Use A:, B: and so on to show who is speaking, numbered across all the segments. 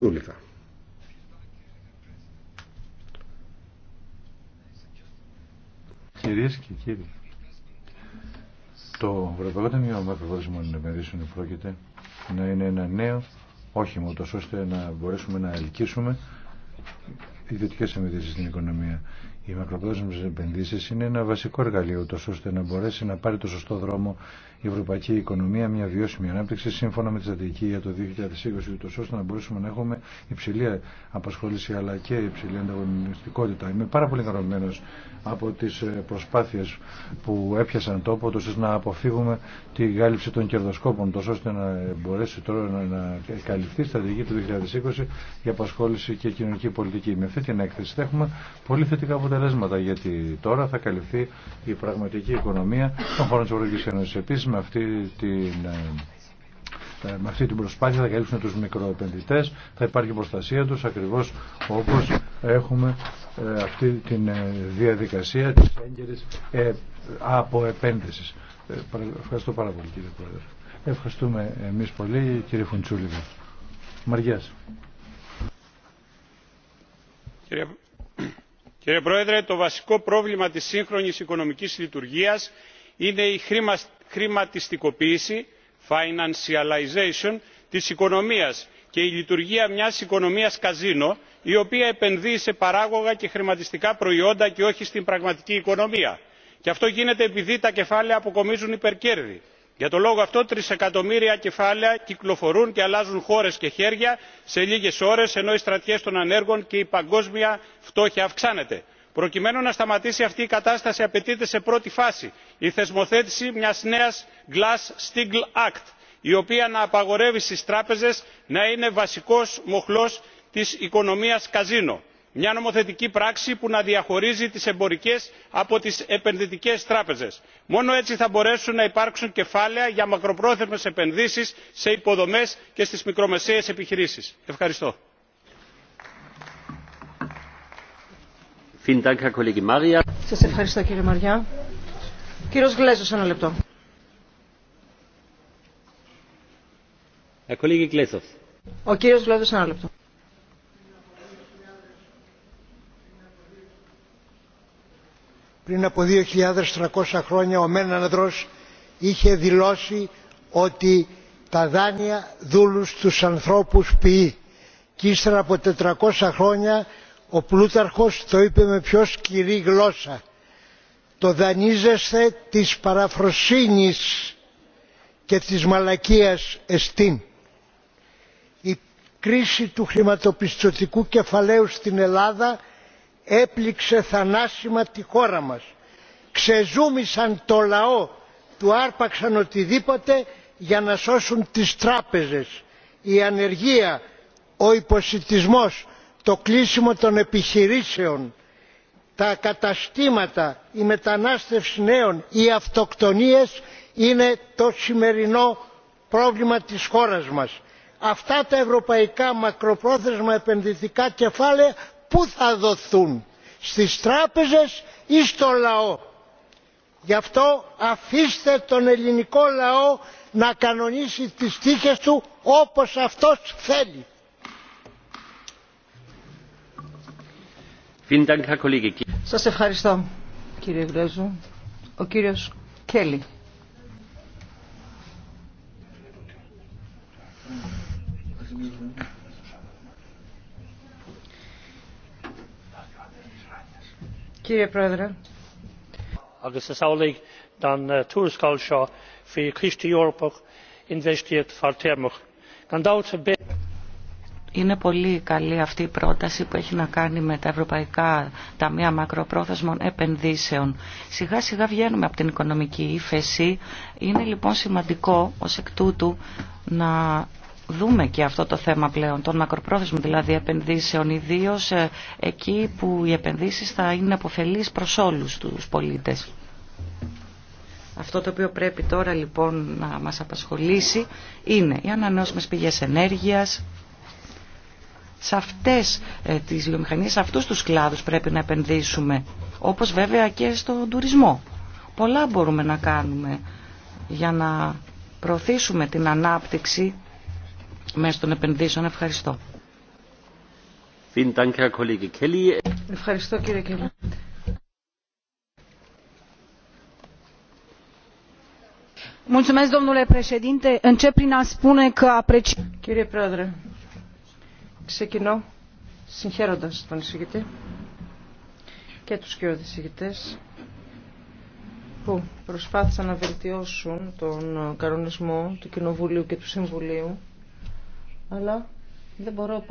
A: Δούλικα. Κυρίες και κύριοι, το Ευρωπαϊκό Ταμείο Αμαρφευόρισμων Επενδύσεων πρόκειται να είναι ένα νέο όχημα, τόσο ώστε να μπορέσουμε να ελκύσουμε ιδιωτικές επενδύσει στην οικονομία. Οι μακροπρόθεσμε επενδύσει είναι ένα βασικό εργαλείο, τόσο ώστε να μπορέσει να πάρει το σωστό δρόμο η ευρωπαϊκή οικονομία, μια βιώσιμη ανάπτυξη σύμφωνα με τη στρατηγική για το 2020, το ώστε να μπορέσουμε να έχουμε υψηλή απασχόληση αλλά και υψηλή ανταγωνιστικότητα. Είμαι πάρα πολύ χαρούμενο από τι ε, προσπάθειε που έπιασαν τόπο, ώστε να αποφύγουμε τη γάλυψη των κερδοσκόπων, τόσο ώστε να μπορέσει τώρα να, να καλυφθεί η στρατηγική του 2020 για απασχόληση και κοινωνική πολιτική. Με αυτή την έκθεση θα έχουμε πολύ θετικά αποτελέσματα αποτελέσματα γιατί τώρα θα καλυφθεί η πραγματική οικονομία των χωρών της Ευρωπαϊκής Ένωσης. Επίσης με αυτή την ε, ε, με αυτή την προσπάθεια θα καλύψουν τους μικροεπενδυτές, θα υπάρχει προστασία τους ακριβώς όπως έχουμε ε, αυτή την διαδικασία της έγκαιρης ε, Ε, ευχαριστώ πάρα πολύ κύριε Πρόεδρε. Ευχαριστούμε εμείς πολύ κύριε Φουντσούλη. Μαριάς.
B: Κύριε κύριε πρόεδρε το βασικό πρόβλημα της σύγχρονης οικονομικής λειτουργίας είναι η χρηματιστικοποίηση financialisation της οικονομίας και η λειτουργία μιας οικονομίας καζίνο η οποία επενδύει σε παράγωγα και χρηματιστικά προϊόντα και όχι στην πραγματική οικονομία. και αυτό γίνεται επειδή τα κεφάλαια αποκομίζουν υπερκέρδη για τον λόγο αυτό τρισεκατομμύρια κεφάλαια κυκλοφορούν και αλλάζουν χώρες και χέρια σε λίγες ώρες ενώ οι στρατιές των ανέργων και η παγκόσμια φτώχεια αυξάνεται. προκειμένου να σταματήσει αυτή η κατάσταση απαιτείται σε πρώτη φάση η θεσμοθέτηση μιας νέας glass steagall act η οποία να απαγορεύει στις τράπεζες να είναι βασικός μοχλός της οικονομίας καζίνο μια νομοθετική πράξη που να διαχωρίζει τις εμπορικές από τις επενδυτικές τράπεζες. μόνο έτσι θα μπορέσουν να υπάρξουν κεφάλαια για μακροπρόθεσμες επενδύσεις σε υποδομές και στις μικρομεσαίες επιχειρήσεις. ευχαριστώ. ένα
C: πριν από 2.300 χρόνια ο Μένανδρος είχε δηλώσει ότι τα δάνεια δούλου τους ανθρώπους ποιεί. Και ύστερα από 400 χρόνια ο Πλούταρχος το είπε με πιο σκυρή γλώσσα. Το δανείζεσθε της παραφροσύνης και της μαλακίας εστίν. Η κρίση του χρηματοπιστωτικού κεφαλαίου στην Ελλάδα έπληξε θανάσιμα τη χώρα μας. Ξεζούμισαν το λαό, του άρπαξαν οτιδήποτε για να σώσουν τις τράπεζες. Η ανεργία, ο υποσιτισμός, το κλείσιμο των επιχειρήσεων, τα καταστήματα, η μετανάστευση νέων, οι αυτοκτονίες είναι το σημερινό πρόβλημα της χώρας μας. Αυτά τα ευρωπαϊκά μακροπρόθεσμα επενδυτικά κεφάλαια πού θα δοθούν στις τράπεζες ή στο λαό. Γι' αυτό αφήστε τον ελληνικό λαό να κανονίσει τις τύχες του όπως αυτός θέλει. Σας ευχαριστώ
D: κύριε Γκρέζου. Ο κύριος Κέλλη. Äh,
B: Είναι
E: πολύ καλή αυτή η πρόταση που έχει να κάνει με τα ευρωπαϊκά ταμεία μακροπρόθεσμων επενδύσεων. Σιγά σιγά βγαίνουμε από την οικονομική ύφεση. Είναι λοιπόν σημαντικό ως εκ τούτου να δούμε και αυτό το θέμα πλέον, των μακροπρόθεσμων δηλαδή επενδύσεων, ιδίω ε, εκεί που οι επενδύσεις θα είναι αποφελείς προς όλους τους πολίτες. Αυτό το οποίο πρέπει τώρα λοιπόν να μας απασχολήσει είναι οι ανανεώσιμες πηγές ενέργειας, σε αυτές ε, τις βιομηχανίες, σε αυτούς τους κλάδους πρέπει να επενδύσουμε, όπως βέβαια και στον τουρισμό. Πολλά μπορούμε να κάνουμε για να προωθήσουμε την ανάπτυξη μέσω των επενδύσεων. Ευχαριστώ. Ευχαριστώ κύριε Κέλλη.
D: Κύριε Πρόεδρε, ξεκινώ συγχαίροντας τον εισηγητή και τους κύριους εισηγητές που προσπάθησαν να βελτιώσουν τον καρονισμό του Κοινοβουλίου και του Συμβουλίου αλλά δεν μπορώ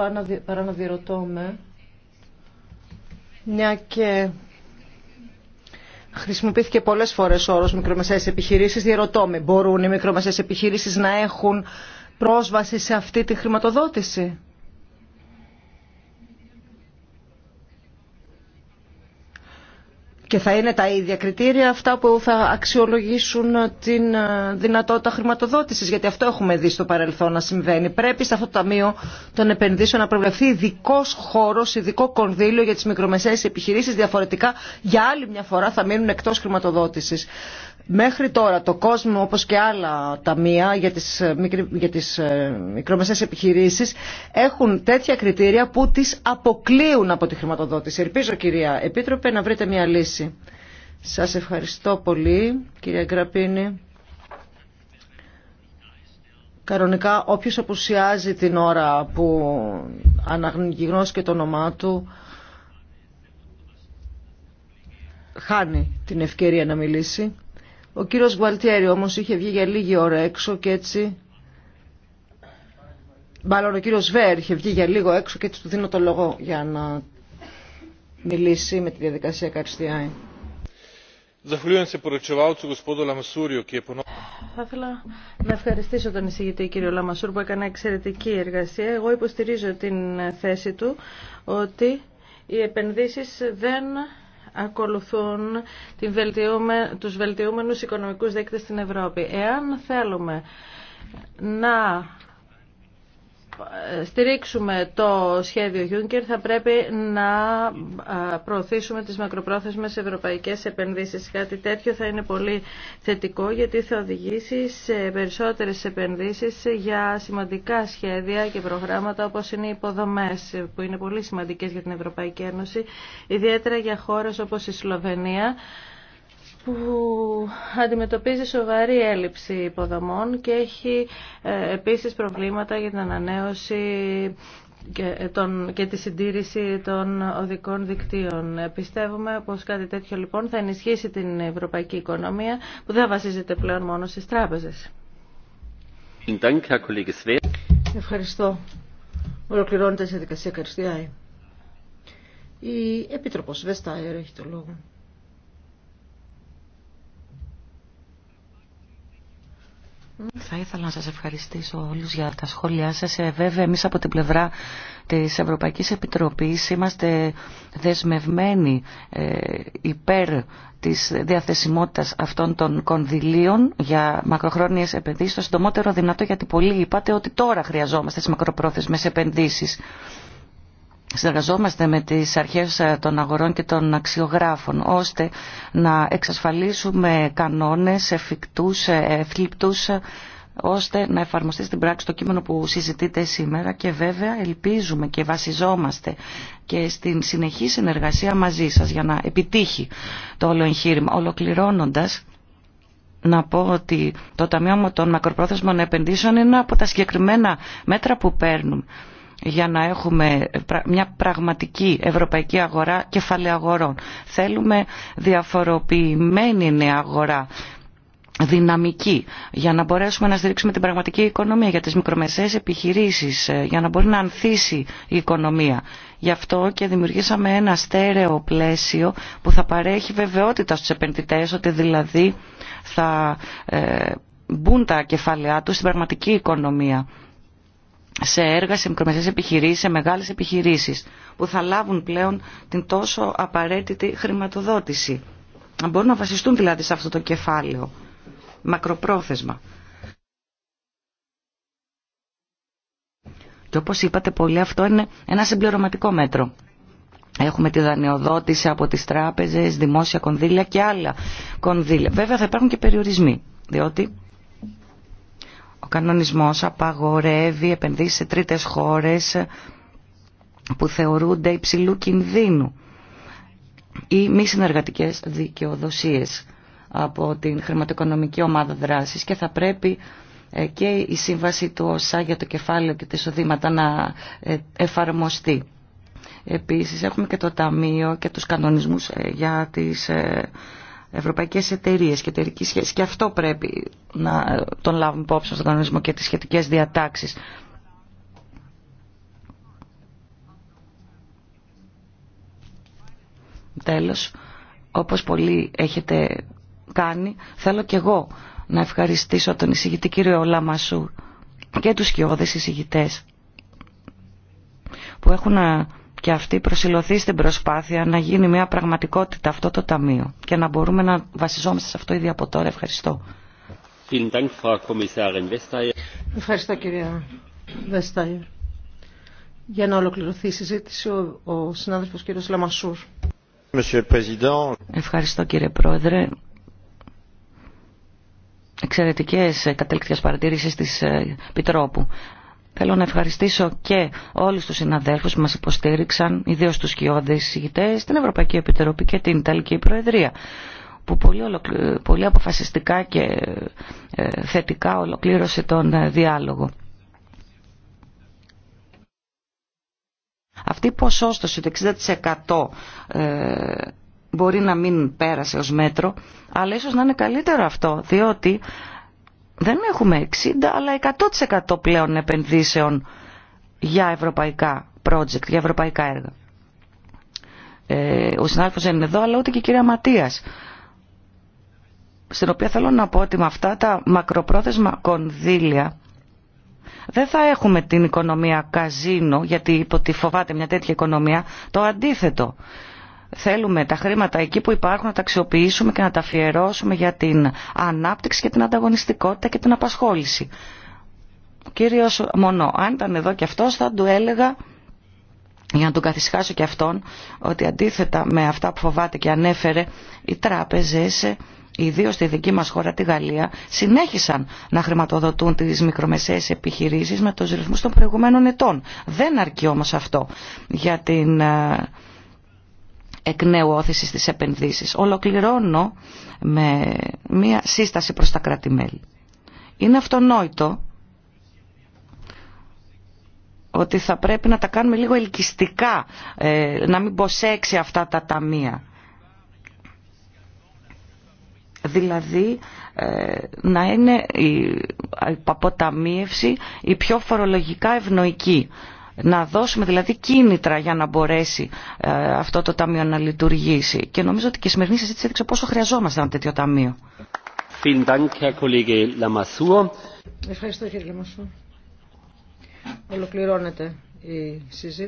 D: παρά να διερωτώ με μια και χρησιμοποιήθηκε πολλές φορές ο όρος μικρομεσαίες επιχειρήσεις διερωτώ με μπορούν οι μικρομεσαίες επιχειρήσεις να έχουν πρόσβαση σε αυτή τη χρηματοδότηση Και θα είναι τα ίδια κριτήρια αυτά που θα αξιολογήσουν την ε, δυνατότητα χρηματοδότηση. Γιατί αυτό έχουμε δει στο παρελθόν να συμβαίνει. Πρέπει σε αυτό το Ταμείο των Επενδύσεων να προβλεφθεί ειδικό χώρο, ειδικό κονδύλιο για τι μικρομεσαίες επιχειρήσει. Διαφορετικά, για άλλη μια φορά θα μείνουν εκτό χρηματοδότηση. Μέχρι τώρα το κόσμο όπως και άλλα ταμεία για τις, για τις ε, μικρομεσαίες επιχειρήσεις έχουν τέτοια κριτήρια που τις αποκλείουν από τη χρηματοδότηση. Ελπίζω κυρία Επίτροπε να βρείτε μια λύση. Σας ευχαριστώ πολύ κυρία Γκραπίνη. Κανονικά όποιος απουσιάζει την ώρα που και το όνομά του χάνει την ευκαιρία να μιλήσει. Ο κύριος Γουαλτιέρη όμως είχε βγει για λίγη ώρα έξω και έτσι... Μάλλον ο κύριος Βέρ είχε βγει για λίγο έξω και έτσι του δίνω το λόγο για να μιλήσει με τη διαδικασία Καριστιάη. Θα ήθελα
F: να ευχαριστήσω τον εισηγητή κύριο Λαμασούρ που έκανε εξαιρετική εργασία. Εγώ υποστηρίζω την θέση του ότι οι επενδύσεις δεν ακολουθούν την βελτιούμε, τους βελτιούμενους οικονομικούς δείκτες στην Ευρώπη. Εάν θέλουμε να στηρίξουμε το σχέδιο Juncker θα πρέπει να προωθήσουμε τις μακροπρόθεσμες ευρωπαϊκές επενδύσεις. Κάτι τέτοιο θα είναι πολύ θετικό γιατί θα οδηγήσει σε περισσότερες επενδύσεις για σημαντικά σχέδια και προγράμματα όπως είναι οι υποδομές που είναι πολύ σημαντικές για την Ευρωπαϊκή Ένωση, ιδιαίτερα για χώρες όπως η Σλοβενία που αντιμετωπίζει σοβαρή έλλειψη υποδομών και έχει ε, επίσης προβλήματα για την ανανέωση και, ε, τον, και τη συντήρηση των οδικών δικτύων. Ε, πιστεύουμε πως κάτι τέτοιο λοιπόν θα ενισχύσει την ευρωπαϊκή οικονομία που δεν βασίζεται πλέον μόνο στις τράπεζες.
D: Ευχαριστώ. Ολοκληρώνεται η διαδικασία Καριστιάη. Η Επίτροπος Βεστάιερ έχει το λόγο.
E: Θα ήθελα να σας ευχαριστήσω όλους για τα σχόλιά σας. Ε, βέβαια, εμείς από την πλευρά της Ευρωπαϊκής Επιτροπής είμαστε δεσμευμένοι ε, υπέρ της διαθεσιμότητας αυτών των κονδυλίων για μακροχρόνιες επενδύσεις, το συντομότερο δυνατό, γιατί πολλοί είπατε ότι τώρα χρειαζόμαστε τις μακροπρόθεσμες επενδύσεις συνεργαζόμαστε με τις αρχές ε, των αγορών και των αξιογράφων ώστε να εξασφαλίσουμε κανόνες εφικτούς, εφλιπτούς ε, ώστε να εφαρμοστεί στην πράξη το κείμενο που συζητείτε σήμερα και βέβαια ελπίζουμε και βασιζόμαστε και στην συνεχή συνεργασία μαζί σας για να επιτύχει το όλο εγχείρημα. Ολοκληρώνοντας, να πω ότι το Ταμείο των Μακροπρόθεσμων Επενδύσεων είναι από τα συγκεκριμένα μέτρα που παίρνουν για να έχουμε μια πραγματική ευρωπαϊκή αγορά κεφαλαίου αγορών. Θέλουμε διαφοροποιημένη νέα αγορά δυναμική για να μπορέσουμε να στηρίξουμε την πραγματική οικονομία για τις μικρομεσαίες επιχειρήσεις ε, για να μπορεί να ανθίσει η οικονομία. Γι' αυτό και δημιουργήσαμε ένα στέρεο πλαίσιο που θα παρέχει βεβαιότητα στους επενδυτές ότι δηλαδή θα ε, μπουν τα κεφαλαιά τους στην πραγματική οικονομία σε έργα, σε μικρομεσαίες επιχειρήσεις, σε μεγάλες επιχειρήσεις που θα λάβουν πλέον την τόσο απαραίτητη χρηματοδότηση. Να μπορούν να βασιστούν δηλαδή σε αυτό το κεφάλαιο, μακροπρόθεσμα. Και όπως είπατε πολύ αυτό είναι ένα συμπληρωματικό μέτρο. Έχουμε τη δανειοδότηση από τις τράπεζες, δημόσια κονδύλια και άλλα κονδύλια. Βέβαια θα υπάρχουν και περιορισμοί, διότι ο κανονισμός απαγορεύει επενδύσεις σε τρίτες χώρες που θεωρούνται υψηλού κινδύνου ή μη συνεργατικές δικαιοδοσίες από την χρηματοοικονομική ομάδα δράσης και θα πρέπει ε, και η σύμβαση του ΩΣΑ για το κεφάλαιο και τα εισοδήματα να ε, εφαρμοστεί. Επίσης έχουμε και το Ταμείο και τους κανονισμούς ε, για τις ευρωπαϊκές εταιρείε και εταιρική σχέση. Και αυτό πρέπει να τον λάβουμε υπόψη στον κανονισμό και τις σχετικές διατάξεις. Τέλος, όπως πολύ έχετε κάνει, θέλω και εγώ να ευχαριστήσω τον εισηγητή κύριο Λαμασού και τους σκιώδες εισηγητές που έχουν και αυτή προσιλωθεί στην προσπάθεια να γίνει μια πραγματικότητα αυτό το ταμείο και να μπορούμε να βασιζόμαστε σε αυτό ήδη από τώρα. Ευχαριστώ.
D: Ευχαριστώ κυρία Βεστάιερ. Για να ολοκληρωθεί η συζήτηση ο, ο συνάδελφος κύριος
E: Ευχαριστώ κύριε Πρόεδρε. Εξαιρετικές ε, καταληκτικές παρατηρήσεις της ε, Επιτρόπου. Θέλω να ευχαριστήσω και όλους τους συναδέλφους που μας υποστήριξαν, ιδίως τους κοιόδες συγητές, την Ευρωπαϊκή Επιτροπή και την Ιταλική Προεδρία που πολύ, πολύ αποφασιστικά και ε, θετικά ολοκλήρωσε τον ε, διάλογο. Αυτή η ποσόστοση το 60% ε, μπορεί να μην πέρασε ως μέτρο, αλλά ίσως να είναι καλύτερο αυτό, διότι δεν έχουμε 60 αλλά 100% πλέον επενδύσεων για ευρωπαϊκά project, για ευρωπαϊκά έργα. Ε, ο συνάδελφος δεν είναι εδώ αλλά ούτε και η κυρία Ματίας στην οποία θέλω να πω ότι με αυτά τα μακροπρόθεσμα κονδύλια δεν θα έχουμε την οικονομία καζίνο, γιατί υποτιφοβάται μια τέτοια οικονομία, το αντίθετο. Θέλουμε τα χρήματα εκεί που υπάρχουν να τα αξιοποιήσουμε και να τα αφιερώσουμε για την ανάπτυξη και την ανταγωνιστικότητα και την απασχόληση. Ο κύριος Μονό, αν ήταν εδώ και αυτός θα του έλεγα, για να τον καθισχάσω και αυτόν, ότι αντίθετα με αυτά που φοβάται και ανέφερε, οι τράπεζες ιδίως στη δική μας χώρα, τη Γαλλία, συνέχισαν να χρηματοδοτούν τις μικρομεσαίες επιχειρήσεις με τους ρυθμούς των προηγουμένων ετών. Δεν αρκεί όμως αυτό για την ε, εκ νέου όθηση στις επενδύσεις. Ολοκληρώνω με μία σύσταση προς τα κράτη-μέλη. Είναι αυτονόητο ότι θα πρέπει να τα κάνουμε λίγο ελκυστικά, ε, να μην ποσέξει αυτά τα ταμεία. Δηλαδή ε, να είναι η αποταμίευση η πιο φορολογικά ευνοϊκή να δώσουμε δηλαδή κίνητρα για να μπορέσει ε, αυτό το ταμείο να λειτουργήσει. Και νομίζω ότι και η σημερινή συζήτηση έδειξε πόσο χρειαζόμαστε ένα τέτοιο ταμείο.
D: Ευχαριστώ κύριε Λαμασού. Ολοκληρώνεται η συζήτηση.